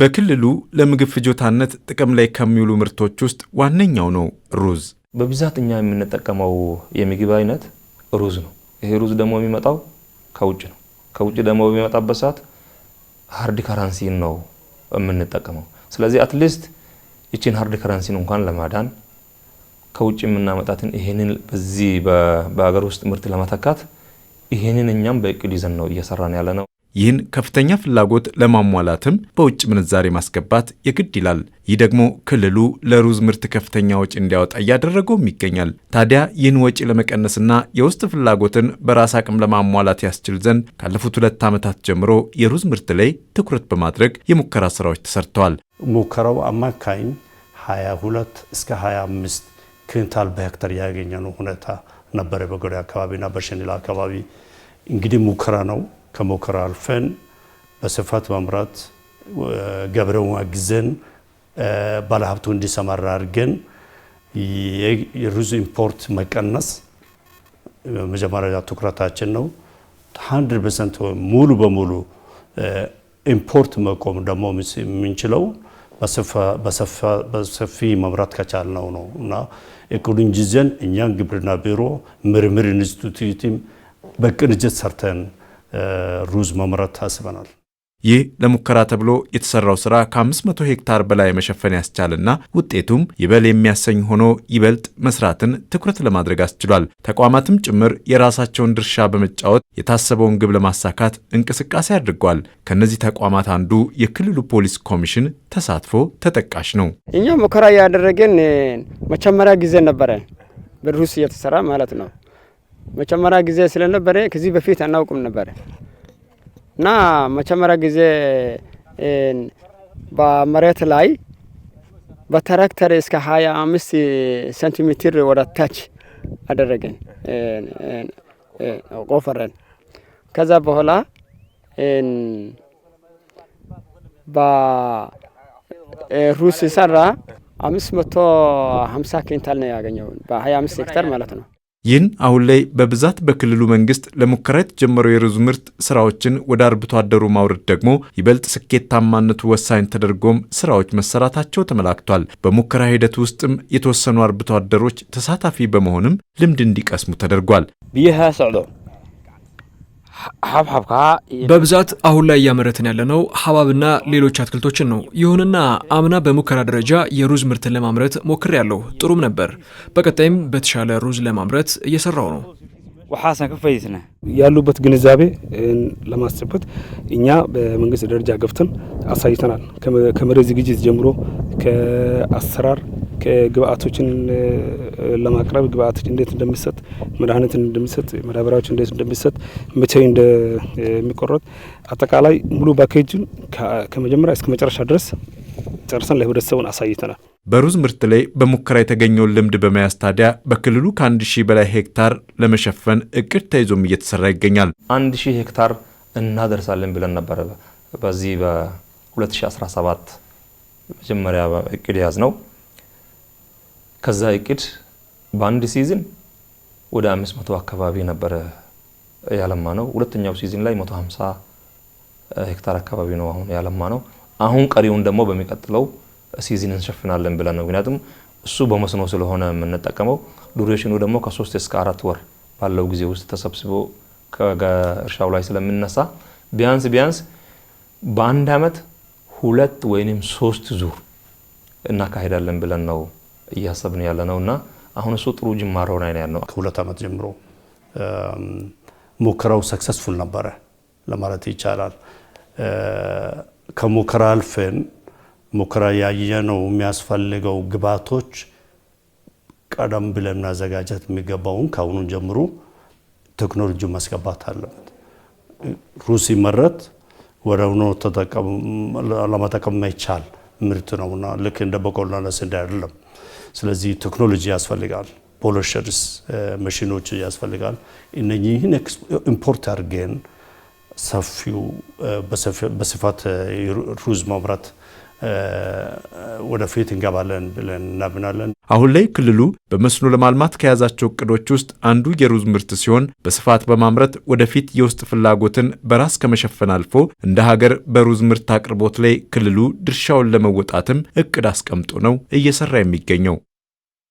በክልሉ ለምግብ ፍጆታነት ጥቅም ላይ ከሚውሉ ምርቶች ውስጥ ዋነኛው ነው ሩዝ። በብዛት እኛ የምንጠቀመው የምግብ አይነት ሩዝ ነው። ይሄ ሩዝ ደግሞ የሚመጣው ከውጭ ነው። ከውጭ ደግሞ በሚመጣበት ሰዓት ሀርድ ከረንሲን ነው የምንጠቀመው። ስለዚህ አትሊስት ይችን ሀርድ ከረንሲን እንኳን ለማዳን ከውጭ የምናመጣትን ይሄንን በዚህ በሀገር ውስጥ ምርት ለመተካት ይሄንን እኛም በእቅድ ይዘን ነው እየሰራን ያለ ነው። ይህን ከፍተኛ ፍላጎት ለማሟላትም በውጭ ምንዛሬ ማስገባት የግድ ይላል። ይህ ደግሞ ክልሉ ለሩዝ ምርት ከፍተኛ ወጪ እንዲያወጣ እያደረገውም ይገኛል። ታዲያ ይህን ወጪ ለመቀነስና የውስጥ ፍላጎትን በራስ አቅም ለማሟላት ያስችል ዘንድ ካለፉት ሁለት ዓመታት ጀምሮ የሩዝ ምርት ላይ ትኩረት በማድረግ የሙከራ ስራዎች ተሰርተዋል። ሙከራው አማካኝ 22 እስከ 25 ኩንታል በሄክታር ያገኘነው ሁኔታ ነበረ። በጎዴ አካባቢና በሸኒላ አካባቢ እንግዲህ ሙከራ ነው። ከሞከራ አልፈን በስፋት መምራት ገብረው አግዘን ባለሀብቱ እንዲሰማራ አድርገን የሩዝ ኢምፖርት መቀነስ መጀመሪያ ትኩረታችን ነው። 100 ሙሉ በሙሉ ኢምፖርት መቆም ደግሞ የምንችለው በሰፊ መምራት ከቻልነው ነው እና እቅዱን ይዘን እኛን ግብርና ቢሮ ምርምር ኢንስቲትዩትም በቅንጅት ሰርተን ሩዝ መምረት ታስበናል ይህ ለሙከራ ተብሎ የተሰራው ስራ ከ500 ሄክታር በላይ መሸፈን ያስቻልና ውጤቱም ይበል የሚያሰኝ ሆኖ ይበልጥ መስራትን ትኩረት ለማድረግ አስችሏል። ተቋማትም ጭምር የራሳቸውን ድርሻ በመጫወት የታሰበውን ግብ ለማሳካት እንቅስቃሴ አድርጓል። ከእነዚህ ተቋማት አንዱ የክልሉ ፖሊስ ኮሚሽን ተሳትፎ ተጠቃሽ ነው። እኛ ሙከራ ያደረገን መጀመሪያ ጊዜ ነበረ በሩስ እየተሰራ ማለት ነው መጀመሪያ ጊዜ ስለነበረ ከዚህ በፊት አናውቅም ነበረ እና መጀመሪያ ጊዜ በመሬት ላይ በትራክተር እስከ 25 ሴንቲሜትር ወደ ታች አደረገን ቆፈረን። ከዛ በኋላ በሩስ ሰራ 550 ኪንታል ነው ያገኘው በ25 ሄክተር ማለት ነው። ይህን አሁን ላይ በብዛት በክልሉ መንግስት ለሙከራ የተጀመረው የሩዝ ምርት ስራዎችን ወደ አርብቶ አደሩ ማውረድ ደግሞ ይበልጥ ስኬታማነቱ ወሳኝ ተደርጎም ስራዎች መሰራታቸው ተመላክቷል። በሙከራ ሂደት ውስጥም የተወሰኑ አርብቶ አደሮች ተሳታፊ በመሆንም ልምድ እንዲቀስሙ ተደርጓል። በብዛት አሁን ላይ እያመረትን ያለነው ሀብሀብና ሌሎች አትክልቶችን ነው። ይሁንና አምና በሙከራ ደረጃ የሩዝ ምርትን ለማምረት ሞክር ያለው ጥሩም ነበር። በቀጣይም በተሻለ ሩዝ ለማምረት እየሰራው ነው። ያሉበት ግንዛቤ ለማስጨበት እኛ በመንግስት ደረጃ ገብተን አሳይተናል። ከመሬት ዝግጅት ጀምሮ ከአሰራር ግብአቶችን ለማቅረብ ግብአቶች እንዴት እንደሚሰጥ፣ መድኃኒት እንደሚሰጥ፣ መዳበሪያዎች እንዴት እንደሚሰጥ፣ መቼ እንደሚቆረጥ አጠቃላይ ሙሉ ፓኬጅን ከመጀመሪያ እስከ መጨረሻ ድረስ ጨርሰን ለህብረተሰቡን አሳይተናል። በሩዝ ምርት ላይ በሙከራ የተገኘውን ልምድ በመያዝ ታዲያ በክልሉ ከአንድ ሺህ በላይ ሄክታር ለመሸፈን እቅድ ተይዞም እየተሰራ ይገኛል። 1 ሺህ ሄክታር እናደርሳለን ብለን ነበረ። በዚህ በ2017 መጀመሪያ እቅድ የያዝ ነው ከዛ እቅድ በአንድ ሲዝን ወደ አምስት መቶ አካባቢ ነበረ ያለማ ነው። ሁለተኛው ሲዝን ላይ 150 ሄክታር አካባቢ ነው አሁን ያለማ ነው። አሁን ቀሪውን ደግሞ በሚቀጥለው ሲዝን እንሸፍናለን ብለን ነው። ምክንያቱም እሱ በመስኖ ስለሆነ የምንጠቀመው ዱሬሽኑ ደግሞ ከሶስት እስከ አራት ወር ባለው ጊዜ ውስጥ ተሰብስቦ ከእርሻው ላይ ስለምነሳ ቢያንስ ቢያንስ በአንድ አመት ሁለት ወይም ሶስት ዙር እናካሄዳለን ብለን ነው እያሰብን ያለ ነው እና አሁን እሱ ጥሩ ጅማሮ ላይ ነው ያለው። ከሁለት ዓመት ጀምሮ ሙከራው ሰክሰስፉል ነበረ ለማለት ይቻላል። ከሙከራ አልፈን ሙከራ ያየነው የሚያስፈልገው ግብዓቶች ቀደም ብለን ማዘጋጀት የሚገባውን ከአሁኑ ጀምሮ ቴክኖሎጂ ማስገባት አለበት። ሩዝ ሲመረት ወደሆነ ለመጠቀም የማይቻል ምርት ነውና ልክ እንደ በቆሎና ስንዴ አይደለም። ስለዚህ ቴክኖሎጂ ያስፈልጋል፣ ፖሎሸርስ መሽኖች ያስፈልጋል። እነኚህን ኢምፖርት አድርገን ሰፊው በስፋት ሩዝ ማምራት ወደፊት እንገባለን ብለን እናምናለን። አሁን ላይ ክልሉ በመስኖ ለማልማት ከያዛቸው እቅዶች ውስጥ አንዱ የሩዝ ምርት ሲሆን በስፋት በማምረት ወደፊት የውስጥ ፍላጎትን በራስ ከመሸፈን አልፎ እንደ ሀገር በሩዝ ምርት አቅርቦት ላይ ክልሉ ድርሻውን ለመወጣትም እቅድ አስቀምጦ ነው እየሰራ የሚገኘው።